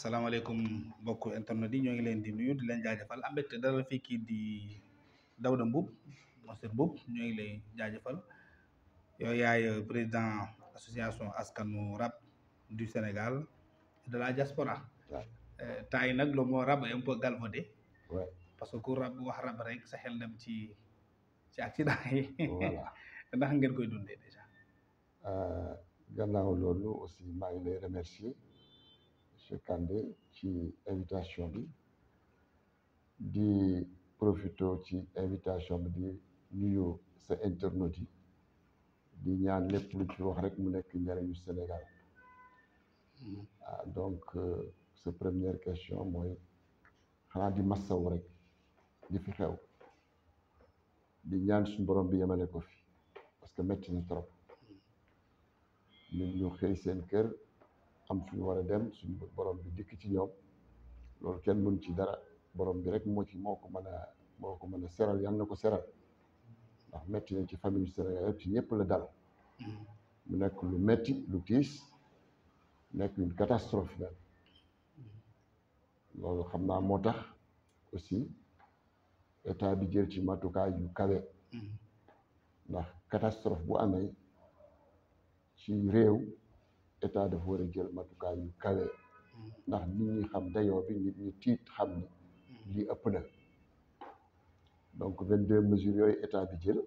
salaamaaleykum mbokk internet yi ñoo ngi leen di nuyu di leen jaajëfal am mbégte dalal fii kii di Daouda Mboup Monsieur Mboup ñoo ngi lay jaajëfal yow yaay président association askanu rab du Sénégal de la diaspora euh, temps yi nag le mot rap est un peu parce que ku rap wax rap rek sa dem ci ci accident yi ndax ngeen koy dundee déjà euh, gannaaw loolu aussi lay remercier monsieur Kandé ci invitation bi di profito ci invitation bi di nuyu sa internautes yi di ñaan lépp lu ci wax rek mu nekk njëriñu Sénégal mm-hmm. ah donc euh, sa première question mooy xanaa di massaw rek di fi xew di ñaan suñu borom bi yemale ko fi parce que métti na trop mm-hmm. ñun ñu xëy seen kër am fu ñu war a dem suñu borom bi dikk ci ñoom loolu kenn mën ci dara borom bi rek moo ci moo ko mën ko mën a seral yan na ko seral ndax metti nañ ci famille Sénégal ci ñëpp la dal mu nekk lu metti lu tiis nekk une catastrophe nag loolu xam naa moo tax aussi état bi jël ci matukaay yu kawe ndax catastrophe bu amee ci réew état dafa war a jël matukaay yu kawe mm-hmm. ndax nit xam dayoo bi nit ñi tiit xam ni mm-hmm. lii ëpp na donc vingt deux mesures yooyu état bi jël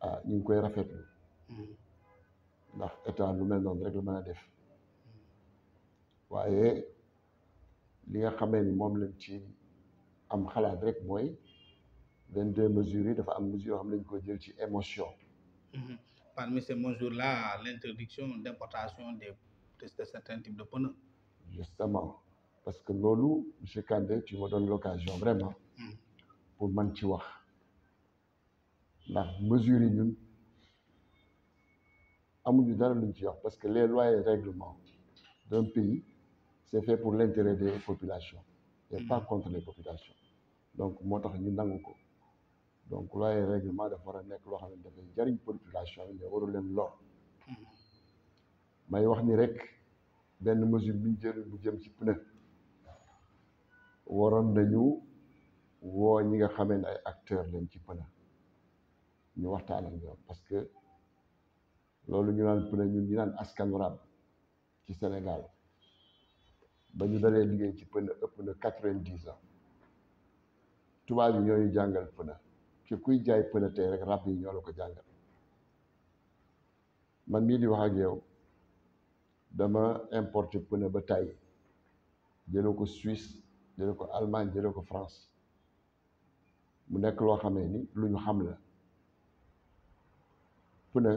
ah ñu ngi koy rafet mm-hmm. ndax état lu mel noonu rek la mën a def waaye li nga xamee ni moom lañ ci am xalaat rek mooy vingt deux mesures dafa am mesure yoo xam ne dañ ko jël ci émotion parmi ces mesures-là, l'interdiction d'importation de, de, certains types de pneus. Justement, parce que loolu M. Kandé, tu me donnes l'occasion vraiment mm. pour Mantiwa. La mesure nous, amuñu dara luñ ci wax parce que les lois et règlements d'un pays c'est fait pour l'intérêt des populations et mm. pas hmm. contre les populations donc moo tax ñu nangu ko donc looy règlement dafa war nekk loo xam jariñ population bi mais waru leen lor may wax ni rek benn mesure bi ñu jël jëm ci pneu waroon nañu woo ñi nga xamee ne lañ ci pneu ñu waxtaan ak parce que loolu ñu naan pneu ñun ñu naan askanu rab ci Sénégal ba ñu dalee liggéey ci pneu ëpp na quatre-vingt-dix ans tubaab yi ñooñu jàngal pneu ci kuy jaay pëlëtee rek rab yi ñoo la ko jàngal man mii di wax ak yow dama importé pëne ba tay jële ko Suisse jële ko Allemagne jële ko France mu nekk loo xamee ni lu ñu xam la pëne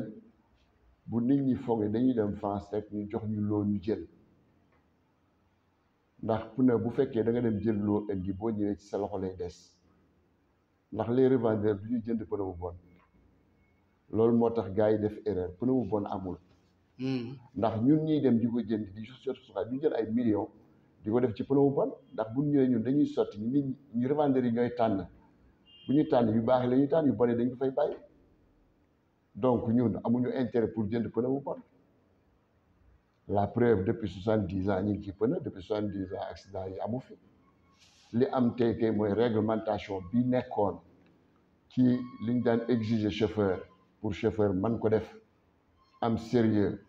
bu nit ñi foogee dañuy dem France rek ñu jox ñu loo ñu jël ndax pëne bu fekkee da nga dem jël loo indi boo ñëwee ci sa loxo lay des ndax les revendeurs du ñu jënd pneu bu bon loolu moo tax gars yi def erreur pneu bu bon amul hmm. ndax ñun ñuy dem di ko jënd di sotti suxaay du ñu jël ay millions di ko def ci pneu bu bon ndax bu ñëwee ñun dañuy sotti ñu ñu revendeurs yi ñooy tànn bu ñu tànn yu baax la ñuy tànn yu bari dañ ko fay bàyyi donc ñun amuñu intérêt pour jënd pneu bu bon la preuve depuis soixante dix ans ñu ngi ci pneu depuis soixante dix ans accident yi amu fi li am tey tey mooy réglementation bi nekkoon ci liñ daan exiger chauffeur pour chauffeur man ko def am sérieux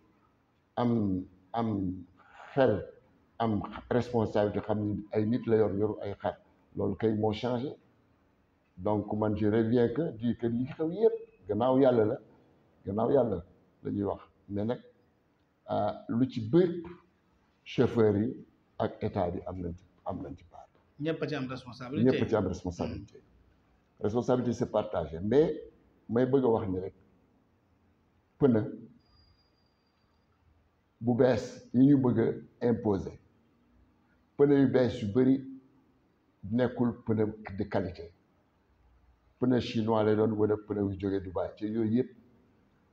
am am xel am responsabilité xam ni ay nit la yor yoru ay xar loolu kay moo changé donc man je reviens que di que li xew yëpp gannaaw yàlla la gannaaw yàlla la ñuy wax mais nag ah, lu ci bëpp chauffeur yi ak état yi am nañ ci am nañ ci ñëpp ci am responsabilité ñëpp ci am responsabilité. responsabilité c'est partagé mais may bëgg a wax ni rek pënë bu bees yi ñu bëgg a imposer pënë yu bees yu bëri nekkul pënë de qualité pënë chinois lay doon wala pënë yu du Dubaï ci yooyu yëpp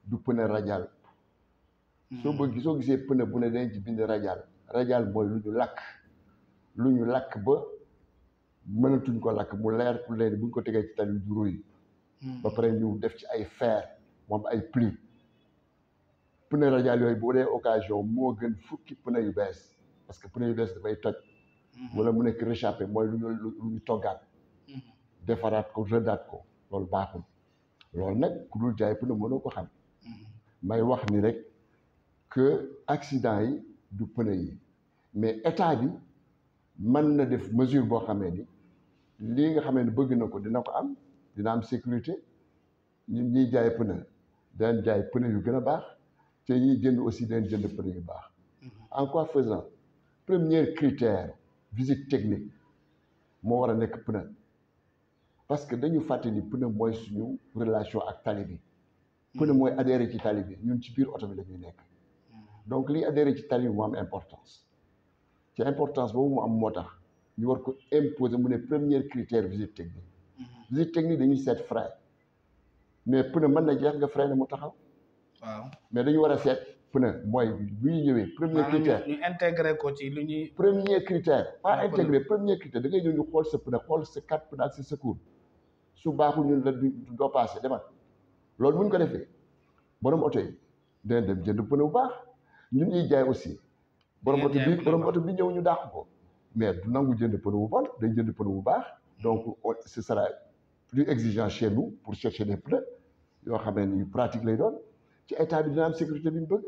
du pënë radial. soo bëgg soo gisee pënë bu ne dañ ci bind radial radial mooy lu ñu lakk lu ñu lakk ba. mënatuñ ko lakk mu leer ku leen buñ ko tegee ci tali du ruy hmm. ba pare ñu def ci ay fer moom ay pli pneu radial yooyu boo dee occasion moo gën fukki pneu yu bees parce que pneu yu bees dafay toj hmm. wala mu nekk réchappé mooy lu ñu lu ñu toggaat hmm. defaraat ko rëddaat ko loolu baaxul loolu nag ku dul jaay pneu mënoo ko xam may wax ni rek que accident yi du pneu yi mais état bi man na def mesure boo xamee ni lii nga xamee ni bëgg na ko dina ko am dina am sécurité ñu ñuy jaay pneu dinañ jaay pneu yu gën a baax te ñiy jënd aussi dinañ jënd pneu yu baax. Mhm. en quoi faisant premier critère visite technique moo war a nekk pneu parce que dañu fàtte ni pneu mooy suñu relation ak tali bi. pneu mhm. mooy adhéré ci tali bi ñun ci biir oto bi la ñuy nekk. Mhm. donc lii adhéré ci tali bi moo am importance. ci importance boobu mu am moo tax ñu war ko imposer mu ne premier critère visite technique mhm. visite technique dañuy seet frein mais pneu mën na jeex nga freiner mu taxaw waaw mais dañu war a seet pneu mooy bu ñu ñëwee premier critère ñu intégré ko ci lu ñuy premier critère pas intégré premier critère da ngay ñëw xool sa pneu xool sa quatre pneu ak sa secours su baaxul ñun la doo passé demaat loolu buñ ko defee borom oto yi dina dem jënd pneu bu baax ñun ñuy jaay aussi borom oto bi borom oto bi ñëw ñu dàq ko mais du nangu jënd pneu bu bon day jënd pneu bu baax donc ce sera plus exigeant chez nous pour chercher des pneus yoo xamee ni pratique lay doon ci état bi dina am sécurité bi ñu bëgg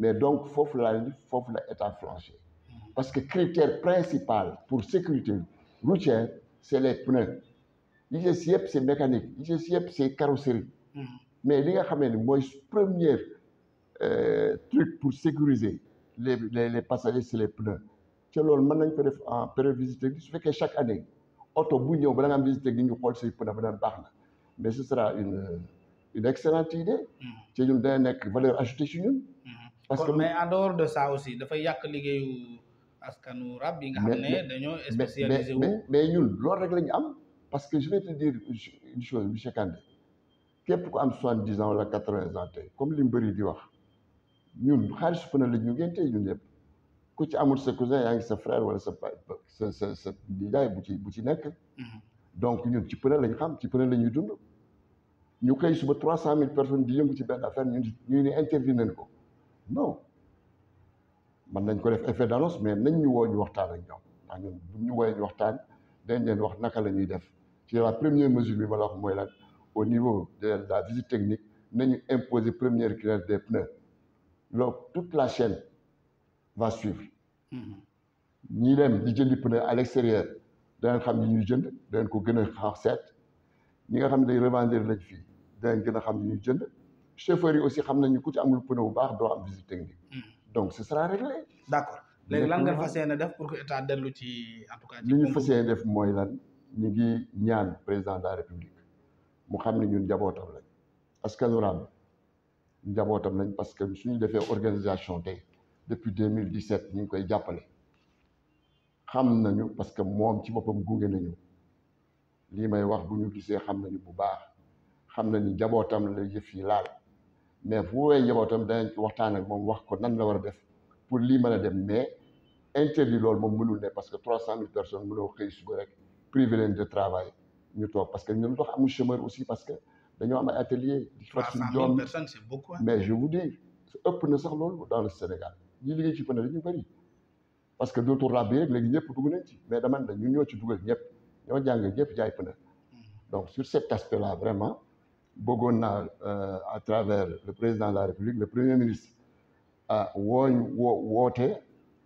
mais donc foofu laa leen di foofu la état flanché parce que critère principal pour sécurité routière c'est les pneus yi ci des yëpp c'est mécanique yi ci des yëpp c'est carrosserie hmm. mais li nga xamee ni mooy première euh, truc pour sécuriser les les les passagers c'est les pneus ci loolu mën nañ ko def en période visite technique fekkee chaque année oto bu ñëw bala nga am visite technique ñu xool si pneu ba daan baax na mais ce sera une une excellente idée. ci mm-hmm. ñun dana nekk valeur ajoutée ci ñun. Mm-hmm. parce que mais en dehors de sa aussi dafay yàq liggéeyu askanu rab yi nga xam ne dañoo spécialisé wu. mais mais ñun loolu rek la ñu am parce que je vais te dire une chose monsieur Kandé képp ku am soixante dix ans wala quatre vingt comme li mu bëri di wax. ñun xaalis pëna la ñu ngéntee ñun yëpp ku ci amut sa cousin yaa ngi sa frère wala sa sa sa sa nijaay bu ci bu ci nekk mhm. donc ñun ci pëna lañ xam ci pëna la ñuy dund ñu xëy suba trois cent mille personnes di yëngu ci benn affaire ñun ñu ne interview ko non mën nañ ko def effet d'annonce mais nañ ñu woo ñu waxtaan ak ñoom ndax ñun ñu woowee ñu waxtaan dañ leen wax naka la ñuy def ci la première mesure bi ma wax mooy lan au niveau de la visite technique nañu imposer première critère des donc toute la chaîne va suivre mm-hmm. ñi dem di jëndi pneu à l'extérieur danañ xam ni ñuy jënd danañ ko gën a xaar seet ñi nga xam ne day revendre lañ fii danañ gën a xam ñu ñuy jënd chauffeurs yi aussi xam nañu ku ci amul pneu bu baax doo am visite technique mm-hmm. donc ce sera réglé d'accord léegi lan fa fas yéene def pour que dellu ci en tout cas li ñu fas yéene def mooy lan ñu ngi ñaan président de la république mu xam ne ñun njabootam lañ askan wi njabootam lañ parce que su suñu defee organisation tey depuis 2017 ñu ngi koy jàppale xam nañu parce que moom ci boppam gunge nañu lii may wax bu ñu gisee xam nañu bu baax xam nañu njabootam la yëf yi laal mais fu woowee njabootam danañ ci waxtaan ak moom wax ko nan la war a def pour lii mën a dem mais interdit loolu moom mënul ne parce que trois cent mille personnes mënoo xëy suba rek privé leen de travail ñu toog parce que ñun dox amul chômeur aussi parce que. dañoo am ay atelier di fas suñu doom mais je vous dis ëpp na sax loolu dans le Sénégal ñi liggéey ci pneu dañu bëri parce que dootul rab yi rek léegi ñëpp dugg nañ ci mais dama ne ñun ñoo ci dugal ñëpp ñoo jàng ñëpp jaay pneu hmm. donc sur cet aspect la vraiment bëggoon naa euh, à travers le président de la République le premier ministre ah euh, wooñu woo woote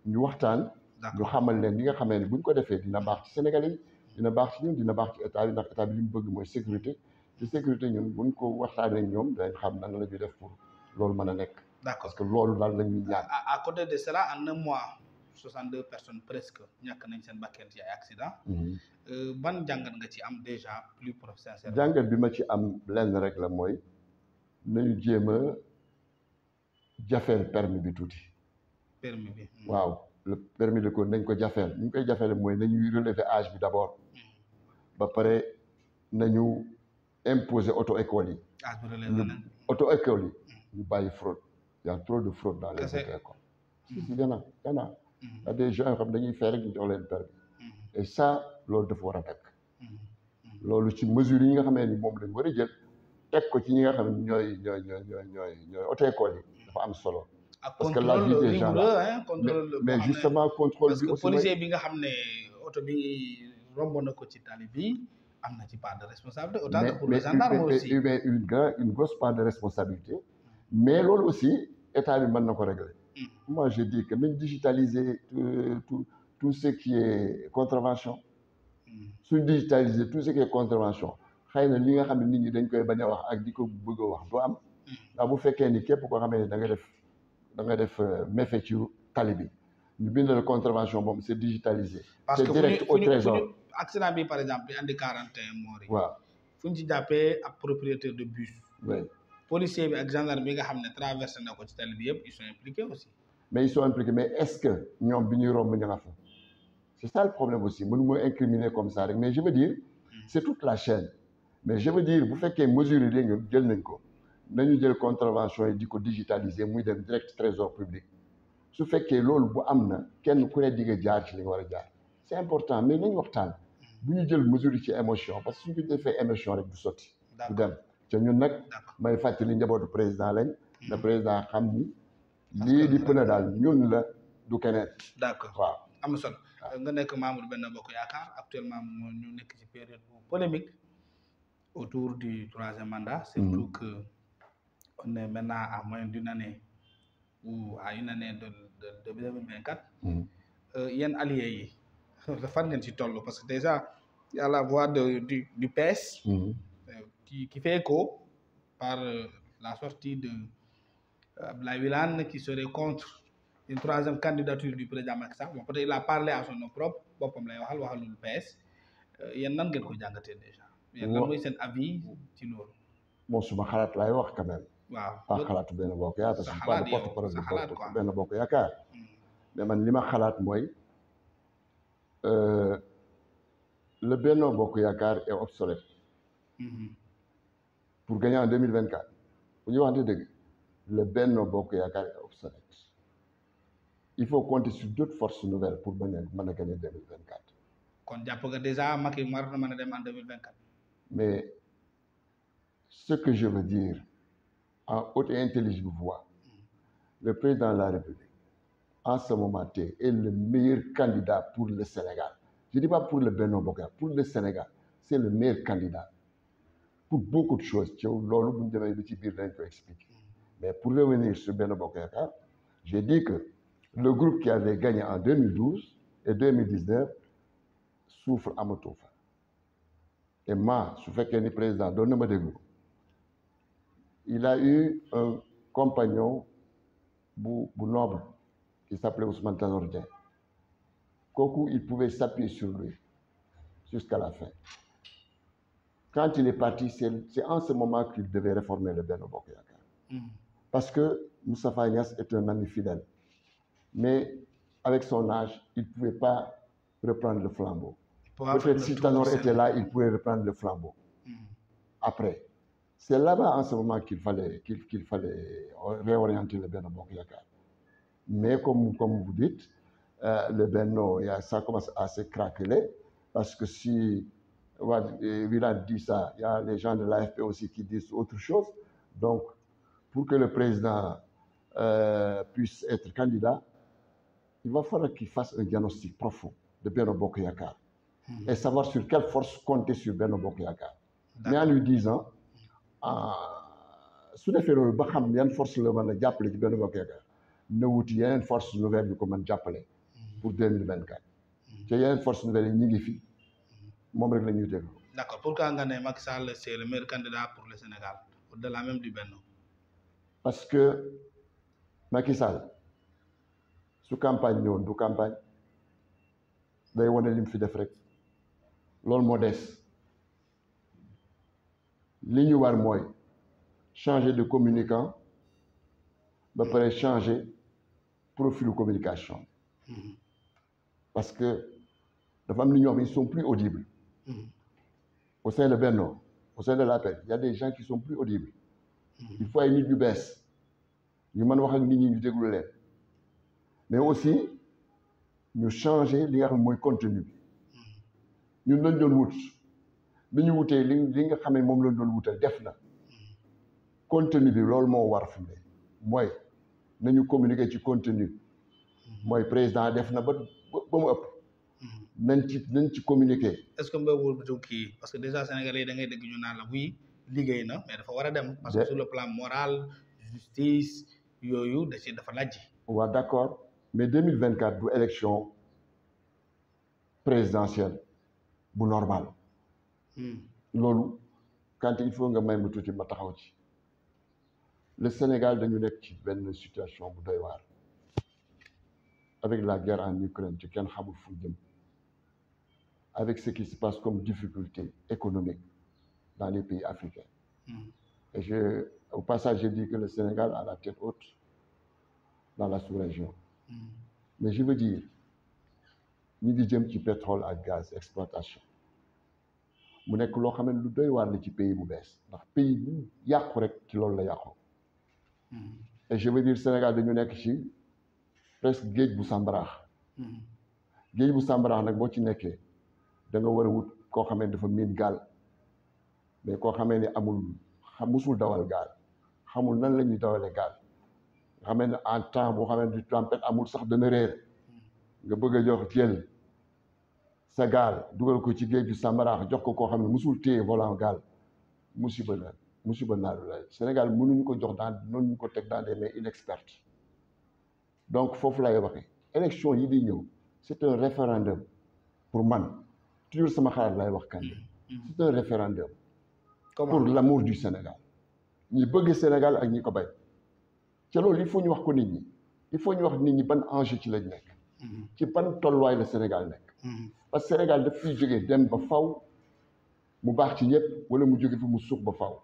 ñu waxtaan ñu xamal leen li nga xamee ne buñ ko defee dina baax ci Sénégalais yi dina baax ci ñu dina baax ci état bi ndax état li bëgg mooy sécurité ci sécurité ñun buñ ko waxtaanee ñoom dañ xam nan la ñuy def pour loolu mën a nekk. d'accord parce que loolu daal la ñuy ñaan. à à côté de cela en un mois. 62 personnes presque ñàkk nañ seen bakkeen ci ay accident mhm. euh, ban jàngat nga ci am déjà plus professionnel jàngat bi ma ci am lenn rek la mooy nañu jéem a jafeel permis bi tuuti permis bi hmm. waaw le permis de conduire nañ ko jafeel ñu koy jafeele mooy nañuy relever âge bi d'abord hmm. ba pare nañu imposé auto école yi. Ah, auto école yi. ñu fraude y' trop de fraude dans les auto écoles. yana yana mm-hmm. a des gens xam dañuy fay rek ñu jox leen permis mm-hmm. et loolu dafa war a dakk mm-hmm. loolu ci mesure yi nga xam ni moom lañ war jël teg ko ci ñi nga xam ne ñooy ñooy ñooy ñooy ñooy auto école yi dafa am solo. Ah, parce que la vie des gens là mais justement contrôle bi bi nga xam ne oto bi romb na ko ci tali bi. am na ci part de responsabilité autant mais, pour les gendarmes aussi mais une grande une grosse part de responsabilité mais loolu aussi état bi mën na ko régler hmm. moi je dis que nañ digitaliser tout, euh, tout tout ce qui est contravention hmm. suñ digitaliser tout ce qui est contravention xëy na li nga xam ne nit ñi dañ koy bañ a wax ak di ko bëgg a wax du am hmm. ndax bu fekkee ni képp koo xamee ne da nga def da nga def euh, méfait ci tali bi ñu bindal contravention moom c'est digitalisé c'est direct au trésor accident bi par exemple andi quarante et un mort yi waaw fu ñu ci jàppee ab de bus policier bi ak gendarme bi nga xam ne traversé na ko ci tali bi yëpp ils sont aussi mais ils sont impliqués mais est-ce que ñoom bi ñuy rom ña nga fa c'est ça le problème aussi mënu moo incriminer comme ça rek mais je veux dire hmm. c'est toute la chaîne mais je veux dire bu fekkee mesures yi dégg jël nañ ko nañu jël contravention yi di ko digitaliser muy dem direct trésor public su fekkee loolu bu am na kenn ku ne di jaar ci li a jaar c'est important mais nañ waxtaan bu ñu jël mesure yi ci émotion parce que suñu defee émotion rek du sotti. du dem ñun nag. may fàttali njabootu président lañ. na hmm. président xam ni. lii di pën a daal ñun la du keneen. d'accord waaw am na solo. nga nekk membre benn bokk yaakaar actuellement ñu nekk ci période bu polémique autour du troisième mandat. Hmm. surtout que on est a à moins d'une année ou à de de de 2024. Hmm. Euh, yéen alliés yi. far ngeen ci toll parce que déjà y a la voix de du du ki Mmh. ko par euh, la sortie de euh, Abdoulaye Wilane qui serait contre une troisième candidature du président Macky Sall bon peut-être il a parlé à son nom propre boppam lay waxal waxalul PS euh, yéen nan ngeen ko jàngatee déjà. yéen lan mooy seen avis ci loolu. bon suma xalaat laay wax quand même. waaw xalaatu benn bokk yaakaar. sa xalaat yow sa xalaat benn yaakaar. Hmm. man li ma xalaat mooy. euh, le Benno Bokk Yaakaar est obsolète. Mm-hmm. pour gagner en deux mille vingt quatre bu ñu waxante dëgg le Benno Bokk Yaakaar est obsolète il faut compter sur d' forces nouvelles pour mën a mën a gagner deux mille vingt kon jàpp ga déjà Macky war na mën a mais ce que je veux dire en haute intelligible voix mm. le président la République. en ce moment T est le meilleur candidat pour le Sénégal. Je ne dis pour le Benoît Boca, pour le Sénégal, c'est le meilleur candidat. Pour beaucoup de choses, expliquer. Mais pour revenir sur Benoît Boca, j'ai dit que le groupe qui avait gagné en 2012 et 2019 souffre à Motofa. Et moi, je fais qu'un président, donne-moi des mots. Il a eu un compagnon noble qui s'appelait Ousmane Tanor Dieng kooku il pouvait s'appuyer sur lui jusqu'à la fin quand il est parti c'est en ce moment qu'il devait réformer le Benno Bokk mm-hmm. parce que Moustapha Niasse est un ami fidèle mais avec son âge il ne pouvait pas reprendre le flambeau peut-être si Tanor était là il pouvait reprendre le flambeau mm-hmm. après c'est là-bas en ce moment qu'il fallait réorienter le Benno Bokk Yaakaar Mais comme, comme vous dites, euh, le Benno, ça commence à se craqueler parce que si Willan dit ça, il y a les gens de l'AFP aussi qui disent autre chose. Donc, pour que le président euh, puisse être candidat, il va falloir qu'il fasse un diagnostic profond de Beno Bokoyakar mmh. et savoir sur quelle force compter sur Beno Bokoyakar. Mais en lui disant, su defee loolu ba xam yan force la mën a jàppale ci benn bokk yaakaar na wuti yeneen force nouvelle yi ko man jàppale mhm. pour deux mille vingt quatre mhm. te yeneen force nouvelle yi ñu ngi fi mhm. moom rek la ñuy déglu d' accord pourquoi nga ne Macky Sall c' est le meilleur candidat pour le Sénégal au delà même du Benno parce que Macky Sall su campagne du campagne day wane li fi def rek loolu moo des li ñu war mooy changer de communicant ba pare changer profilu communication mm-hmm. parce que dafa am ni ñoo xam ne ils sont plus audibles mm-hmm. au sein de Benno au sein de l'APR il y a des gens qui sont plus audibles mm-hmm. il faut ay nit ñu bees ñu mën wax ak nit ñi ñu déglu mais aussi ñu changer li nga xam mooy contenu bi ñun lañ doon wut li ñu wutee li li nga xam ne moom lañ doon wutal def na contenu bi loolu moo war fi mu nañu communiqué ci contenu mhm. mooy président def na ba mu ëpp. Mhm. nañ ci nañ ci communiquer. est-ce que parce que déjà sénégalais da ngay dégg ñu naan la oui liggéey na mais dafa war a dem. parce que sur le plan moral justice yooyu da ci dafa lajj. waaw d'accord mais deux mille vingt quatre bu élection présidentielle bu normal. Hmm. loolu quand il faut nga may mu tuuti ma taxaw ci. le Sénégal dañu nekk ci benn situation bu doy avec la guerre en Ukraine ci kenn xamul fu jëm avec ce qui se passe comme difficulté économique dans les pays africains hmm. et je au passage j'ai dit que le Sénégal a la tête haute dans la sous-région hmm. mais je veux dire ñu ngi jëm ci pétrole ak gaz exploitation mu nekk loo xam ne lu doy waar ci pays bu bees ndax pays bu yàqu rek ci loolu la yàqu et je veux dire Sénégal dañu nekk ci presque géej bu sàmbaraax géej bu sàmbaraax nag boo ci nekkee da nga war a wut koo xamee dafa miin gaal mais koo xamee ni amul xam musul dawal gaal xamul nan la ñuy dawalee gaal nga xamee ne en temps boo xamee ni tempête amul sax dana réer nga bëgg a jox jël sa gaal dugal ko ci géej bu sàmbaraax jox ko koo xam ne musul téye volant gaal musiba la musiba naaru laay Sénégal nu ñu ko jox dans noonu ñu ko teg dans des mains inexpertes donc foofu lay waxee élection yi di ñëw c'est un référendum pour man toujours sama xalaat laay wax Kandé c'est un référendum pour l'amour du Sénégal ñi bëgg Sénégal ak ñi ko bay ca loolu il faut ñu wax ko nit ñi il faut ñu wax nit ñi ban enjeu ci lañ nekk mm-hmm. ci ban tolluwaay la Sénégal nekk mm-hmm. parce Sénégal daf fiy jógee dem ba faw mu baax ci ñëpp wala mu jóge fi mu suux ba faw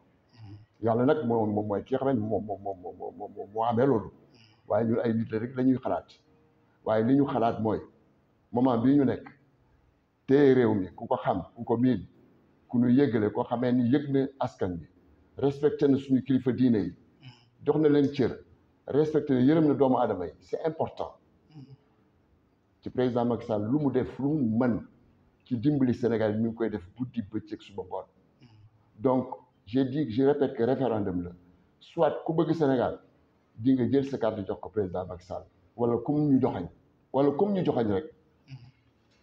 yàlla nag moom moom mooy ki nga xam moom moom moom moom moo amee waaye ñun ay nit rek la ñuy xalaat waaye li ñu xalaat mooy moment bii ñu nekk te réew mi ku ko xam ku ko miin ku ñu yëgale koo xamee ni yëg na askan bi respecté na suñu kilifa diine yi jox na leen cër respecté na yërëm na doomu aadama yi c'est important ci président Macky Sall lu mu def lu mu mën ci dimbali Sénégal mi ngi koy def guddi bëccëg suba ngoon je dis je répète que référendum la soit ku bëgg Sénégal di nga jël sa carte jox ko président Macky Sall wala comme ñu joxañ wala comme ñu joxañ rek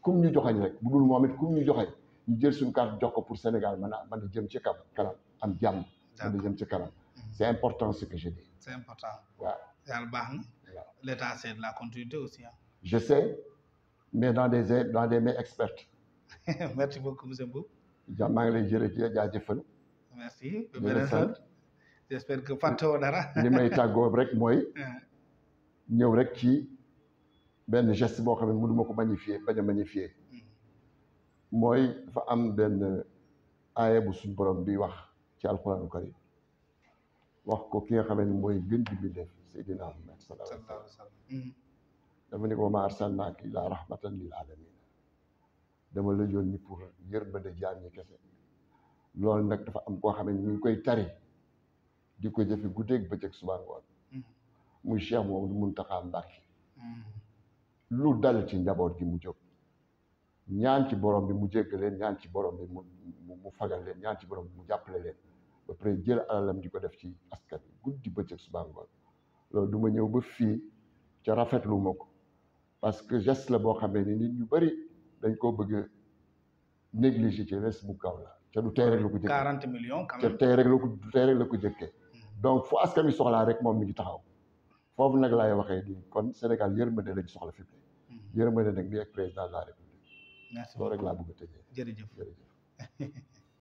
comme ñu joxañ rek bu dul moom it comme ñu joxañ ñu jël suñ carte jox ko pour Sénégal mën a a jëm ci kam kanam am jàmm mën a jëm ci kanam mm-hmm. c'est important ce que je dis c'est important waaw yàlla baax na l'état c'est de la continuité aussi ah je sais mais dans des dans des mains expertes merci beaucoup monsieur Mboup maa ngi lay jërëjëf jaajëfal merci. jërëjëf j'espère que fàttewoo dara. li may tàggoo rek mooy. Ah. ñëw rek ci benn geste boo xam ne mënu ma ko magnifier bañ a magnifier. Hmm. mooy dafa am benn aaya bu suñu borom bi wax ci alxuraanu karim wax ko ki nga xam ne mooy gën di mbindeef Seydina Muhammad sallallahu alayhi wa sallam hmm. dafa ne ko ma arsalnaaka illaa rahmatan lil aalamiin dama la yónni pour yërmande jaam ñi kese. loolu nag dafa am koo xam ne ñu ngi koy tari di ko jëfe guddeeg bëccëg suba ngoon mm-hmm. muy Cheikh Mouhamadou Mountakha Mbacké mm-hmm. lu dal ci njaboot gi mu jóg ñaan ci borom bi mu jégg leen ñaan ci borom bi mu mu fagal leen borom mu jàppale leen ba pare jël alalam di ko def ci askan bi guddi bëccëg suba ngoon loolu du ñëw ba fii ca rafetlu ko parce que geste la boo xamee ni nit ñu bari dañ koo bëgg a négliger ci res bu kaw la te du tey rek la ko jëkkee 40 millions quand même te tey la ko du donc fu askan mi soxlaa rek moom mi ngi taxaw foofu nag lay waxee ni kon Sénégal yërmande lañ soxla fi mu ne. Hmm. yërmande nag mi ak président la république. merci loolu rek laa bëgg a tegee jërëjëf